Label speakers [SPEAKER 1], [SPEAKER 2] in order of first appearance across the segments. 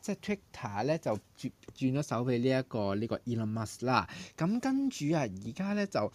[SPEAKER 1] 即係 Twitter 咧，就轉轉咗手俾呢一個呢、呢個 Elon Musk 啦，咁跟住啊而家咧，就呢、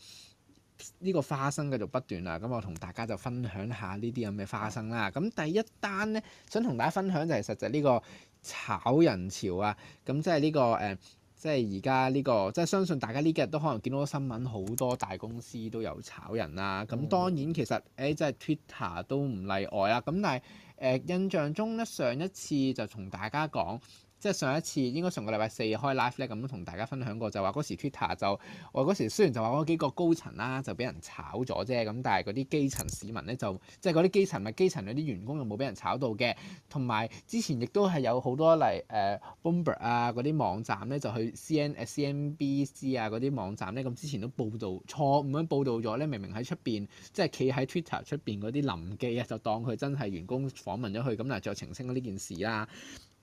[SPEAKER 1] 呢個花生繼續不斷啦，咁我同大家就分享下呢啲咁嘅花生啦。咁第一單咧，想同大家分享就係實際呢個炒人潮啊，咁即係呢、呢個誒。呃即係而家呢個，即係相信大家呢幾日都可能見到個新聞，好多大公司都有炒人啦。咁當然其實，誒、欸、即係 Twitter 都唔例外啦。咁但係誒、呃、印象中咧，上一次就同大家講。即係上一次應該上個禮拜四開 live 咧，咁樣同大家分享過，就話嗰時 Twitter 就我嗰時雖然就話嗰幾個高層啦就俾人炒咗啫，咁但係嗰啲基層市民咧就即係嗰啲基層咪基層嗰啲員工又冇俾人炒到嘅。同埋之前亦都係有好多例誒 Bloomberg 啊嗰啲網站咧就去 C N 誒 C N B C 啊嗰啲網站咧，咁之前都報道錯誤咁報道咗咧，明明喺出邊即係企喺 Twitter 出邊嗰啲臨記啊，就當佢真係員工訪問咗佢咁嚟作澄清呢件事啦。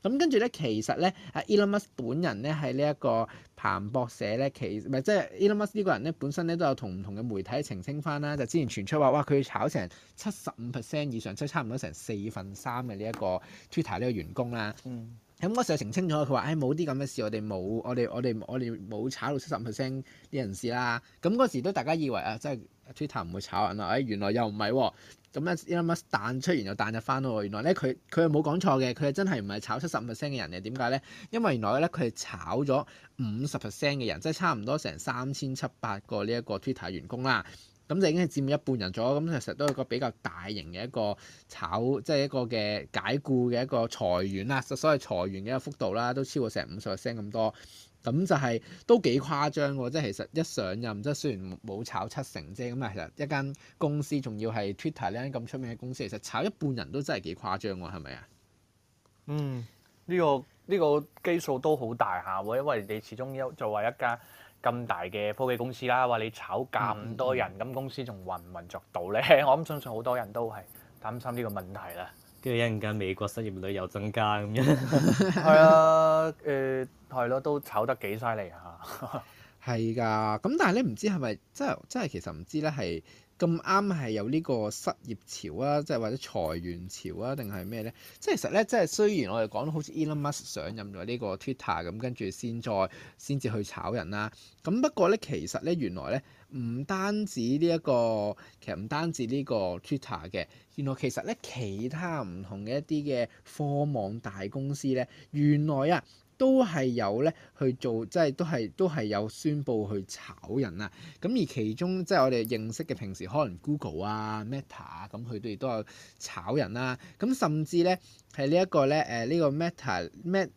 [SPEAKER 1] 咁跟住咧，其實咧，阿 Elon Musk 本人咧，喺呢一個彭博社咧，其實唔係即係、就是、Elon Musk 呢個人咧，本身咧都有同唔同嘅媒體澄清翻啦。就之前傳出話，哇，佢要炒成七十五 percent 以上，即差唔多成四分三嘅呢一個 Twitter 呢個員工啦。咁嗰、嗯嗯、時就澄清咗，佢話：，唉、哎，冇啲咁嘅事，我哋冇，我哋我哋我哋冇炒到七十五 percent 啲人士啦。咁、嗯、嗰時都大家以為啊，即係。Twitter 唔會炒人啦！誒，原來又唔係喎，咁咧一粒乜彈出完，又彈咗翻去。原來咧佢佢又冇講錯嘅，佢係真係唔係炒七十五 percent 嘅人嘅，點解咧？因為原來咧佢係炒咗五十 percent 嘅人，即係差唔多成三千七百個呢一個 Twitter 員工啦。咁就已經係佔一半人咗，咁其實都係個比較大型嘅一個炒，即係一個嘅解僱嘅一個裁員啦，所所謂裁員嘅一個幅度啦，都超過成五十 percent 咁多。咁就係都幾誇張喎！即係其實一上任即係雖然冇炒七成啫，咁啊其實一間公司仲要係 Twitter 呢間咁出名嘅公司，其實炒一半人都真係幾誇張喎，係咪啊？嗯，
[SPEAKER 2] 呢個呢個基數都好大下喎，因為你始終作為一間咁大嘅科技公司啦，話你炒咁多人，咁公司仲運唔運作到咧？ 我諗相信好多人都係擔心呢個問題啦。跟住一陣間美國失業率又增加咁樣，係 啊，誒係咯，都炒得幾犀利嚇，
[SPEAKER 1] 係 㗎。咁但係咧，唔知係咪即係即係其實唔知咧係。咁啱係有呢個失業潮啊，即係或者裁員潮啊，定係咩咧？即係其實咧，即係雖然我哋講到好似 Elon Musk 上任咗呢個 Twitter 咁，跟住先再先至去炒人啦、啊。咁不過咧，其實咧原來咧唔單止呢、這、一個，其實唔單止呢個 Twitter 嘅，原來其實咧其他唔同嘅一啲嘅科網大公司咧，原來啊～都係有咧去做，即係都係都係有宣佈去炒人啦。咁而其中即係我哋認識嘅，平時可能 Google 啊、Meta 啊，咁佢哋都有炒人啦。咁甚至咧係呢一個咧，誒呢個 Meta 咩？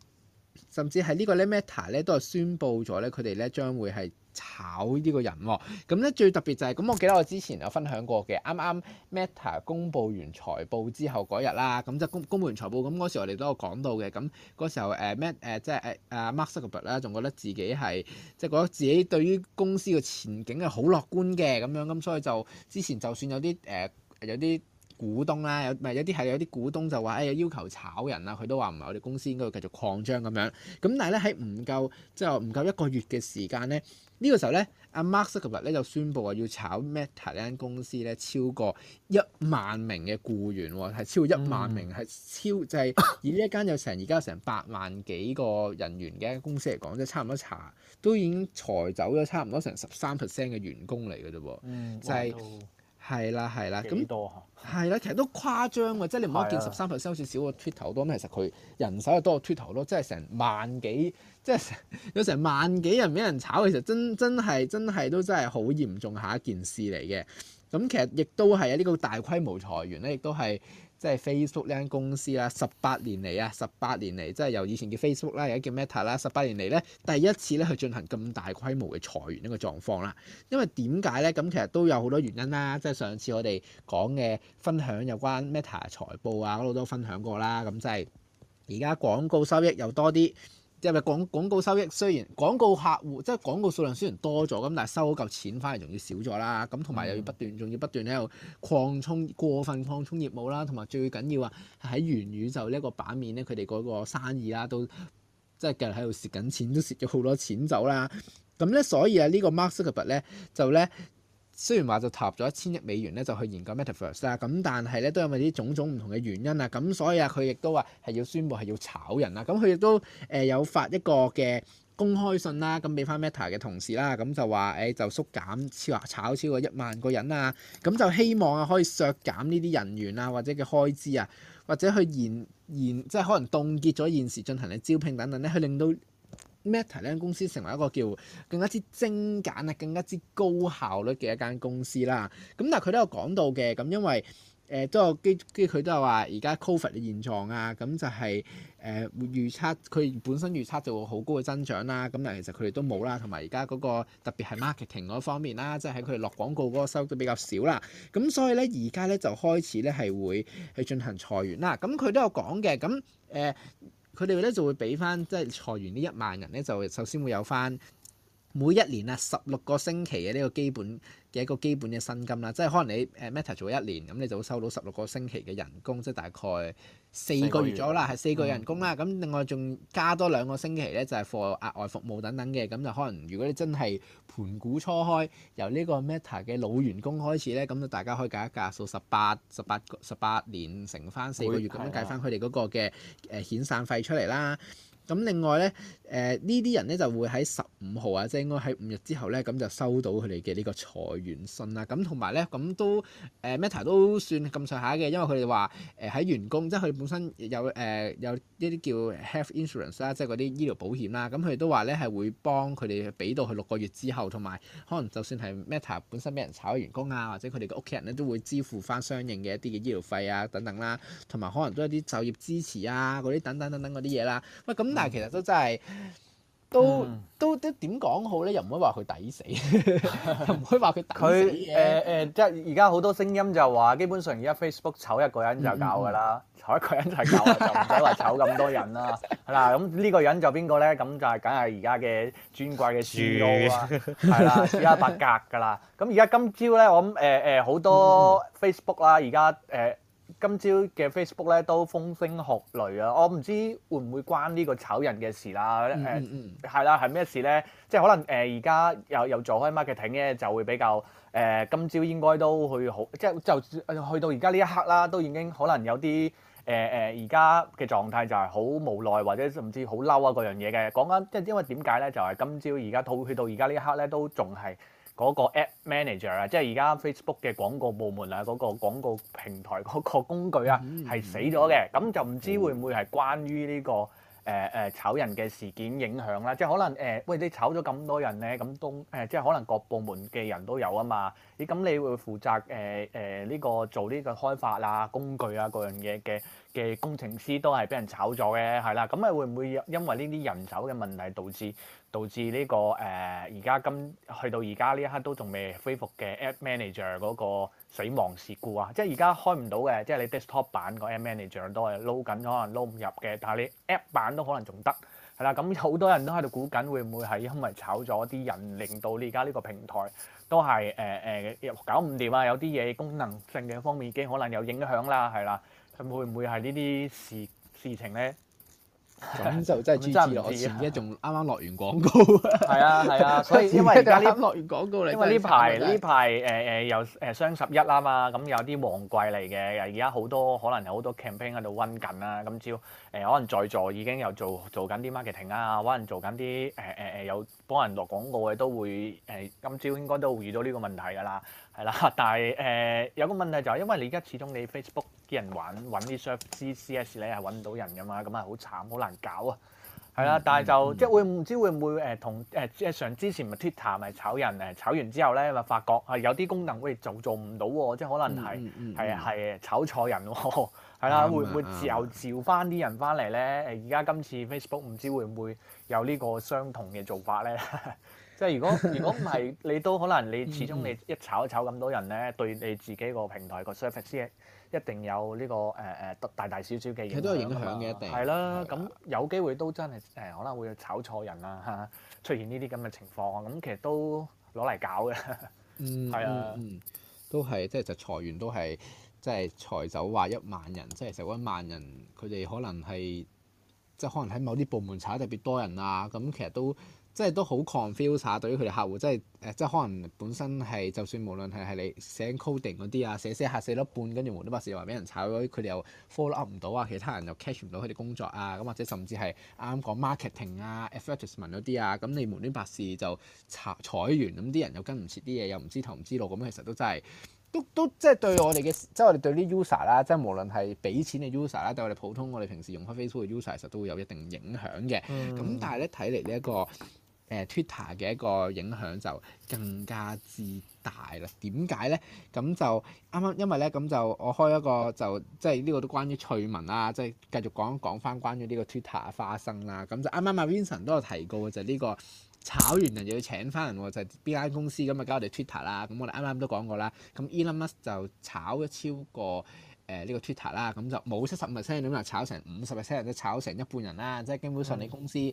[SPEAKER 1] 甚至係呢個咧 Meta 咧都係宣佈咗咧，佢哋咧將會係。炒呢個人喎，咁咧最特別就係咁，我記得我之前有分享過嘅，啱啱 Meta 公佈完財報之後嗰日啦，咁就公公佈完財報，咁嗰時我哋都有講到嘅，咁嗰時候 Matt 誒即係誒 Mark Zuckerberg 啦，仲覺得自己係即係覺得自己對於公司嘅前景係好樂觀嘅咁樣，咁所以就之前就算有啲誒、啊、有啲。股東啦，有咪有啲係有啲股東就話，誒、哎、要求炒人啊。佢都話唔係我哋公司應該要繼續擴張咁樣。咁但係咧喺唔夠即係唔夠一個月嘅時間咧，呢、這個時候咧，阿 m a Mark 琴日咧就宣佈話要炒 Meta 呢間公司咧超過一萬名嘅僱員喎，係超過一萬名係、嗯、超即係、就是、以呢間有成而家有成八萬幾個人員嘅公司嚟講，即係差唔多查，都已經裁走咗差唔多成十三 percent 嘅員工嚟嘅啫噃，就係、是。嗯係啦，係啦，咁係啦，其實都誇張㗎，即係你唔好話見十三 percent 好似少過 Twitter。咁的其實佢人手又多過 Twitter 咯，即係成萬幾，即係有成萬幾人俾人炒，其實真真係真係都真係好嚴重下一件事嚟嘅，咁其實亦都係呢個大規模裁員咧，亦都係。即係 Facebook 呢間公司啦，十八年嚟啊，十八年嚟即係由以前叫 Facebook 啦，而家叫 Meta 啦，十八年嚟咧第一次咧去進行咁大規模嘅裁員呢個狀況啦。因為點解咧？咁其實都有好多原因啦。即係上次我哋講嘅分享有關 Meta 財報啊，我都分享過啦。咁即係而家廣告收益又多啲。即係咪廣廣告收益雖然廣告客戶即係廣告數量雖然多咗咁，但係收嗰嚿錢返嚟仲要少咗啦。咁同埋又要不斷，仲、嗯、要不斷喺度擴充過分擴充業務啦。同埋最緊要啊，喺元宇宙呢一個版面咧，佢哋嗰個生意啦都即係繼續喺度蝕緊錢，都蝕咗好多錢走啦。咁咧，所以啊，呢個 Mark Zuckerberg 咧就咧。雖然話就投入咗一千億美元咧，就去研究 Metaverse 啦，咁但係咧都有咪啲種種唔同嘅原因啊，咁所以啊佢亦都話係要宣布係要炒人啊，咁佢亦都誒有發一個嘅公開信啦，咁俾翻 Meta 嘅同事啦，咁就話誒就縮減超炒超過一萬個人啊，咁就希望啊可以削減呢啲人員啊或者嘅開支啊，或者去延延，即係可能凍結咗現時進行嘅招聘等等咧，去令到 Meta 呢間公司成為一個叫更加之精簡啊、更加之高效率嘅一間公司啦。咁但係佢都有講到嘅，咁因為誒都係基基佢都有話而家 COVID 嘅現狀啊，咁就係、是、誒、呃、預測佢本身預測就會好高嘅增長啦。咁但係其實佢哋都冇啦，同埋而家嗰個特別係 marketing 嗰方面啦，即係喺佢哋落廣告嗰個收益都比較少啦。咁所以咧，而家咧就開始咧係會去進行裁員啦。咁佢都有講嘅，咁誒。呃佢哋咧就會俾翻，即係裁員呢一萬人咧，就首先會有翻，每一年啊，十六個星期嘅呢個基本嘅一個基本嘅薪金啦，即係可能你誒 Meta 做一年，咁你就會收到十六個星期嘅人工，即係大概四個月左右咗啦，係四個月人工啦。咁、嗯、另外仲加多兩個星期咧，就係課額外服務等等嘅，咁就可能如果你真係盤古初開，由呢個 Meta 嘅老員工開始咧，咁就大家可以計一計，數十八十八十八年乘翻四個月咁樣計翻佢哋嗰個嘅誒遣散費出嚟啦。咁另外咧，誒呢啲人咧就會喺十五號啊，即係應該喺五日之後咧，咁就收到佢哋嘅呢個裁員信啦。咁同埋咧，咁都誒 Meta 都算咁上下嘅，因為佢哋話誒喺員工，即係佢本身有誒、呃、有一啲叫 health insurance 啦，即係嗰啲醫療保險啦。咁佢哋都話咧係會幫佢哋俾到佢六個月之後，同埋可能就算係 Meta 本身俾人炒員工啊，或者佢哋嘅屋企人咧都會支付翻相應嘅一啲嘅醫療費啊等等啦，同埋可能都有啲就業支持啊嗰啲等等等等嗰啲嘢啦。喂，咁。但係其實都真係，都、嗯、都都點講好咧？又唔可以話佢抵死， 又唔可以話佢抵死嘅。誒、呃呃、即係而家好多聲音就話，基
[SPEAKER 2] 本上而家 Facebook 炒一個人就夠噶啦，炒、嗯嗯、一個人就係夠，就唔使話炒咁多人啦。嗱， 咁呢個人就邊個咧？咁就係梗係而家嘅尊貴嘅樹妖啊，係住啦，而家八格噶啦。咁而家今朝咧，我諗誒誒好多 Facebook 啦、啊，而家誒。呃呃今朝嘅 Facebook 咧都風聲鶴唳啊！我唔知會唔會關呢個炒人嘅事啦。誒、呃，係啦、嗯，係、嗯、咩、啊、事咧？即係可能誒，而、呃、家又有做開 marketing 咧，就會比較誒、呃。今朝應該都去好，即係就去到而家呢一刻啦，都已經可能有啲誒誒，而家嘅狀態就係好無奈，或者甚至好嬲啊嗰樣嘢嘅。講緊即係因為點解咧？就係、是、今朝而家到去到而家呢一刻咧，都仲係。個 App Manager 啊，即係而家 Facebook 嘅廣告部門啊，個廣告平台個工具啊，係死咗嘅，咁就唔知會唔會係關於呢個。誒誒、呃、炒人嘅事件影響啦，即係可能誒、呃、喂，你炒咗咁多人咧，咁都誒、呃、即係可能各部門嘅人都有啊嘛，咦，咁你會負責誒誒，呢個做呢個開發啊工具啊、各樣嘢嘅嘅工程師都係俾人炒咗嘅係啦，咁係會唔會因為呢啲人手嘅問題導致導致呢、這個誒而家今去到而家呢一刻都仲未恢復嘅 App Manager 嗰、那個？死亡事故啊，即係而家開唔到嘅，即係你 desktop 版個 App Manager 都係撈緊，可能撈唔入嘅。但係你 app 版都可能仲得，係啦。咁好多人都喺度估緊，會唔會係因為炒咗啲人，令到你而家呢個平台都係誒誒搞唔掂啊？有啲嘢功能性嘅方面已經可能有影響啦，係啦。咁會唔會係呢啲事事情咧？
[SPEAKER 1] 咁就真係 GG 咯，我前一仲啱啱落完廣告，係啊係啊，所以因為啱落完廣告嚟，因為呢排呢是
[SPEAKER 2] 排誒誒又誒雙十一啊嘛，咁有啲旺季嚟嘅，而家好多可能有好多 campaign 喺度溫緊啦、啊，今朝誒、呃、可能在座已經有做做緊啲 marketing 啊，可能做緊啲誒誒誒有。可能落廣告嘅都會誒，今朝應該都會遇到呢個問題㗎啦，係啦，但係誒、呃、有個問題就係，因為你而家始終你 Facebook 啲人揾揾啲 C C S 咧係揾唔到人㗎嘛，咁係好慘，好難搞啊！係啦，但係就、嗯嗯、即係會唔知會唔會誒同誒即係上之前咪 Twitter 咪炒人誒，炒完之後咧咪發覺係有啲功能喂、呃、做做唔到喎，即係可能係係係炒錯人喎，係 啦的，嗯、會唔、嗯、會又召翻啲人翻嚟咧？誒而家今次 Facebook 唔知會唔會有呢個相同嘅做法咧？ 即係如果如果唔係，你都可能你始終你一炒一炒咁多人咧，對你自己個平台、個 service 一定有呢、這個誒誒、呃呃、大大少少大大小小嘅，佢都係影響嘅，一定係啦。咁的的有機會都真係誒可能會炒錯人啊，出現呢啲咁嘅情況，咁其實都
[SPEAKER 1] 攞嚟搞嘅。嗯，係、嗯、啊，都係即係就裁員都係即係裁走話一萬人，即係成一萬人，佢哋可能係即係可能喺某啲部門炒得特別多人啊。咁其實都。即係都好 confuse 下對於佢哋客戶，即係誒，即係可能本身係就算無論係係你寫 coding 嗰啲啊，寫寫下寫到一半，跟住無端白事又話俾人炒咗，佢哋又 follow up 唔到啊，其他人又 catch 唔到佢哋工作啊，咁或者甚至係啱啱講 marketing 啊，effectiveness 嗰啲啊，咁你無端白事就炒裁員，咁啲人又跟唔切啲嘢，又唔知頭唔知路，咁其實都真係都都即係對我哋嘅，即係我哋對啲 user 啦，即係無論係俾錢嘅 user 啦，對我哋普通我哋平時用開 Facebook 嘅 user，其實都會有一定影響嘅。咁、嗯、但係咧睇嚟呢一個。這個誒 Twitter 嘅一個影響就更加之大啦。點解咧？咁就啱啱因為咧，咁就我開一個就即係呢個都關於趣聞啊，即係繼續講一講翻關於呢個 Twitter 嘅花生啦、啊。咁就啱啱阿 Vincent 都有提過嘅就呢、係、個炒完人又要請翻人、喎，就係邊間公司咁啊？搞我哋 Twitter 啦。咁我哋啱啱都講過啦。咁 Elon Musk 就炒咗超過誒呢、呃這個 Twitter 啦。咁就冇七十五 percent，點解炒成五十 percent，即炒成一半人啦？即係基本上你公司、嗯。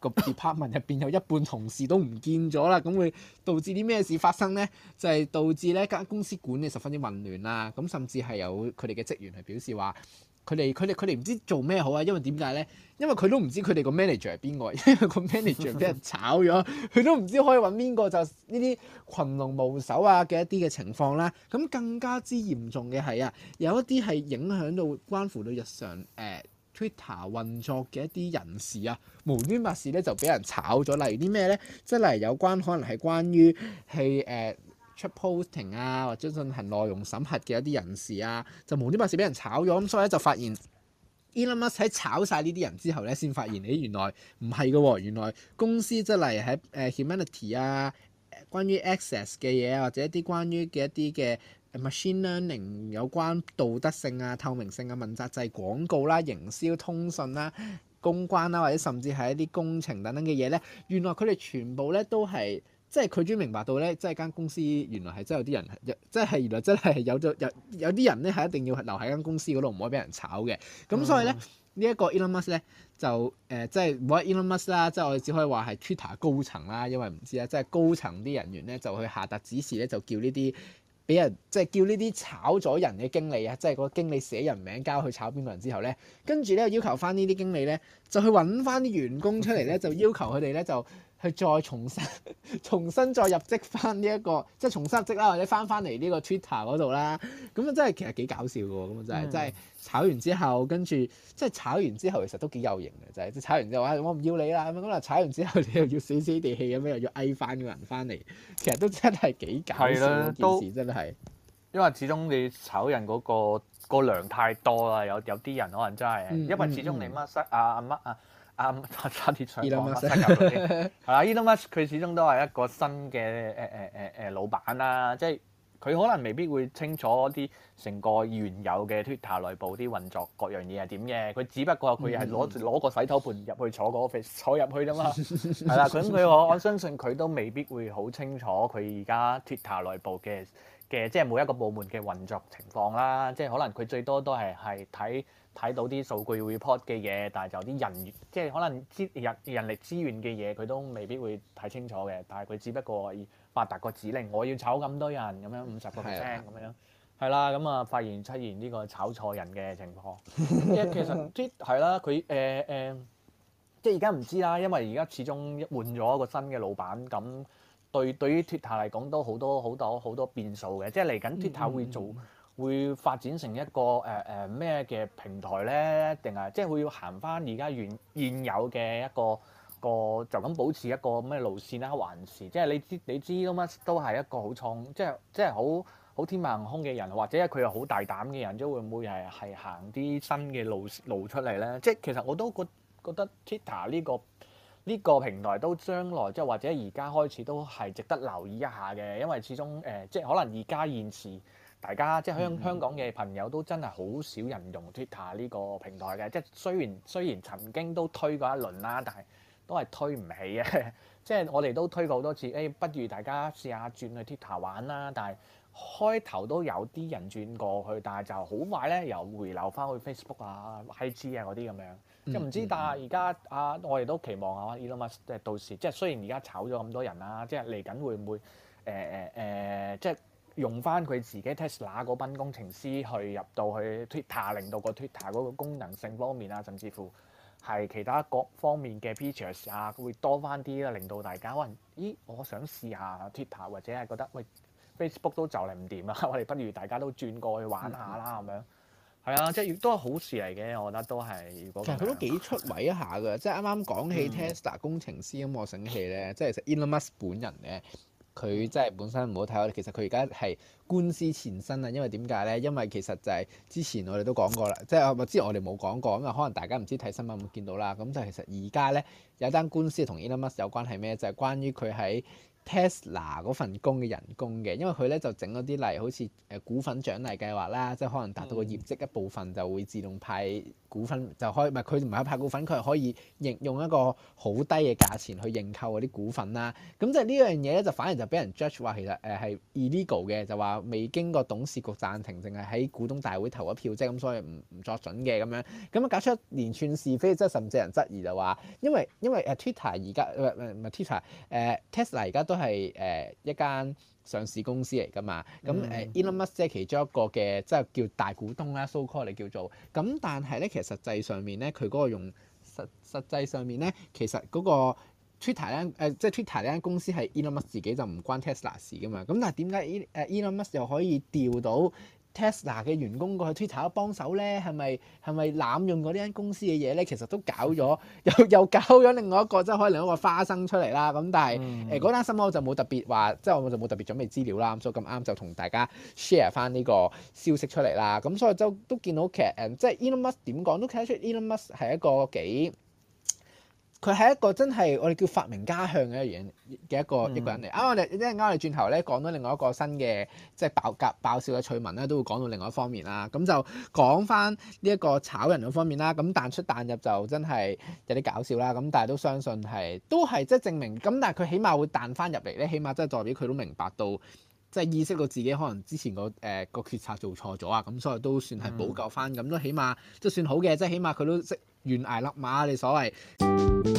[SPEAKER 1] 個 department 入邊有一半同事都唔見咗啦，咁會導致啲咩事發生咧？就係、是、導致咧間公司管理十分之混亂啦。咁甚至係有佢哋嘅職員係表示話，佢哋佢哋佢哋唔知做咩好啊。因為點解咧？因為佢都唔知佢哋個 manager 係邊個，因為個 manager 俾人炒咗，佢 都唔知可以揾邊個。就呢、是、啲群龍無首啊嘅一啲嘅情況啦。咁更加之嚴重嘅係啊，有一啲係影響到關乎到日常誒。呃 Twitter 運作嘅一啲人士啊，無端白事咧就俾人炒咗。例如啲咩咧，即係例如有關可能係關於係誒、呃、出 posting 啊，或者進行內容審核嘅一啲人士啊，就無端白事俾人炒咗。咁所以咧就發現，Elon Musk 喺炒晒呢啲人之後咧，先發現誒原來唔係㗎喎。原來公司即係例如喺誒、呃、humanity 啊，關於 access 嘅嘢或者一啲關於嘅一啲嘅。machine learning 有關道德性啊、透明性嘅問責制、就係、廣告啦、營銷、通訊啦、公關啦，或者甚至係一啲工程等等嘅嘢咧。原來佢哋全部咧都係即係佢終於明白到咧，即係間公司原來係真係有啲人，即係原來真係有咗有有啲人咧係一定要留喺間公司嗰度，唔可以俾人炒嘅。咁所以咧呢一、嗯、個 Elon Musk 咧就誒即係冇得 Elon Musk 啦，即係、e、我哋只可以話係 Twitter 高層啦，因為唔知啦，即係高層啲人員咧就去下達指示咧，就叫呢啲。俾人即係叫呢啲炒咗人嘅經理啊，即係個經理寫人名交去炒邊個人之後咧，跟住咧要求翻呢啲經理咧就去揾翻啲員工出嚟咧，就要求佢哋咧就。去再重新重新再入職翻呢一個，即係重新入職啦，或者翻翻嚟呢個 Twitter 嗰度啦。咁啊真係其實幾搞笑嘅喎，咁啊真係真係炒完之後，跟住即係炒完之後其實都幾有型嘅，就係、即係、炒完之後我唔要你啦咁啊，炒完之後你又要死死地氣咁樣又要嗌翻個人翻嚟，其實都真係幾搞笑，係囉，件事，都真係。
[SPEAKER 2] 因為始終你炒人嗰個個量太多啦，有有啲人可能真係，嗯嗯、因為始終你乜塞啊乜啊。啊啊啱，um, 差啲上網乜柒嗰啲係啦，Elon Musk 佢始終都係一個新嘅誒誒誒誒老闆啦，啊，即係佢可能未必會清楚啲成個原有嘅 Twitter 內部啲運作各樣嘢係點嘅，佢只不過佢係攞攞個洗頭盤入去坐嗰 office 坐入去啫嘛，係 啦，yeah,，咁佢我我相信佢都未必會好清楚佢而家 Twitter 內部嘅。嘅即係每一個部門嘅運作情況啦，即係可能佢最多都係係睇睇到啲數據 report 嘅嘢，但係就啲人，即係可能人人力資源嘅嘢，佢都未必會睇清楚嘅。但係佢只不過發達個指令，我要炒咁多人咁樣五十個 percent 咁樣，係啦的。咁啊，發現出現呢個炒錯人嘅情況。即係 其實啲啦，佢誒誒，即係而家唔知啦，因為而家始終換咗一個新嘅老闆咁。對，對於 Twitter 嚟講都好多好多好多變數嘅，即係嚟緊 Twitter 會做會發展成一個誒誒咩嘅平台咧？定係即係會要行返而家現現有嘅一個一個，個就咁保持一個咩路線啦？還是即係你，你知你知啦嘛？都係一個好創即係即係好好天馬行空嘅人，或者佢又好大膽嘅人，即會唔會係係行啲新嘅路路出嚟咧？即係其實我都覺得覺得 Twitter 呢個。呢個平台都將來即係或者而家開始都係值得留意一下嘅，因為始終誒、呃，即係可能而家現時大家即係香香港嘅朋友都真係好少人用 Twitter 呢個平台嘅，即係雖然雖然曾經都推過一輪啦，但係都係推唔起嘅。 即係我哋都推過好多次，誒、哎，不如大家試下轉去 Twitter 玩啦。但係開頭都有啲人轉過去，但係就好快咧又回流翻去 Facebook 啊、IG 啊嗰啲咁樣。即係唔知，嗯嗯、但係而家啊，我哋都期望啊、uh，Elon Musk 即係到時，即係雖然而家炒咗咁多人啦，即係嚟緊會唔會誒誒誒，即係用翻佢自己 Tesla 嗰班工程師去入到去 Twitter，令到個 Twitter 嗰個功能性方面啊，甚至乎係其他各方面嘅 features 啊，會多翻啲啦，令到大家可能咦，我想試下 Twitter，或者係覺得喂 Facebook 都就嚟唔掂啦，我哋不如大家都轉過去玩下啦，咁
[SPEAKER 1] 樣、嗯。嗯。係啊，即係亦都係好事嚟嘅。我覺得都係。其實佢都幾出位一下㗎。即係啱啱講起 Tesla 工程師咁，我醒起咧，即係其實、e、Elon Musk 本人咧，佢即係本身唔好睇。我哋其實佢而家係官司纏身啊。因為點解咧？因為其實就係之前我哋都講過啦。即係我唔知我哋冇講過咁啊。可能大家唔知睇新聞會見到啦。咁但係其實而家咧有單官司同、e、Elon Musk 有關係咩？就係、是、關於佢喺 Tesla 嗰份工嘅人工嘅，因為佢咧就整咗啲例如好似誒股份獎勵計劃啦，即係可能達到個業績一部分就會自動派股份，就開唔係佢唔係派股份，佢係可以應用一個好低嘅價錢去認購嗰啲股份啦。咁即係呢樣嘢咧，就反而就俾人 judge 話其實誒係 illegal 嘅，就話未經過董事局暫停淨係喺股東大會投一票啫，咁所以唔唔作準嘅咁樣咁啊，搞出連串是非，即係甚至有人質疑就話因為因為誒 Twitter 而家唔唔唔 Twitter 誒 Tesla 而家都。係誒、呃、一間上市公司嚟㗎嘛，咁誒、mm hmm. uh, Elon Musk 即係其中一個嘅即係叫大股東啦 So-called 你叫做，咁但係咧其實實際上面咧佢嗰個用實實際上面咧其實嗰個 Twitter 咧誒即係 Twitter 呢間、呃即係、Tw 公司係 Elon Musk 自己，就唔關 Tesla 事㗎嘛，咁但係點解 El Elon Musk 又可以調到？Tesla 嘅員工過去 Twitter 幫手咧，係咪係咪濫用過呢間公司嘅嘢咧？其實都搞咗，又又搞咗另外一個即係、就是、可能另外一個花生出嚟啦。咁但係誒嗰單新聞我就冇特別話，即係我就冇特別準備資料啦，咁所以咁啱就同大家 share 翻呢個消息出嚟啦。咁所以就都見到其實誒即係 Elon Musk 點講都睇得出 Elon Musk 係一個幾。佢係一個真係我哋叫發明家向嘅一樣嘅一個一個人嚟啊！嗯、一我哋即係啱嚟轉頭咧講到另外一個新嘅即係爆格爆笑嘅趣聞咧，都會講到另外一方面啦。咁就講翻呢一個炒人嘅方面啦。咁彈出彈入就真係有啲搞笑啦。咁但係都相信係都係即係證明。咁但係佢起碼會彈翻入嚟咧，起碼即係代表佢都明白到。即係意識到自己可能之前個誒、呃、個決策做錯咗啊，咁所以都算係補救翻，咁都、嗯、起碼都算好嘅，即係起碼佢都識懸崖勒馬，你所謂。嗯。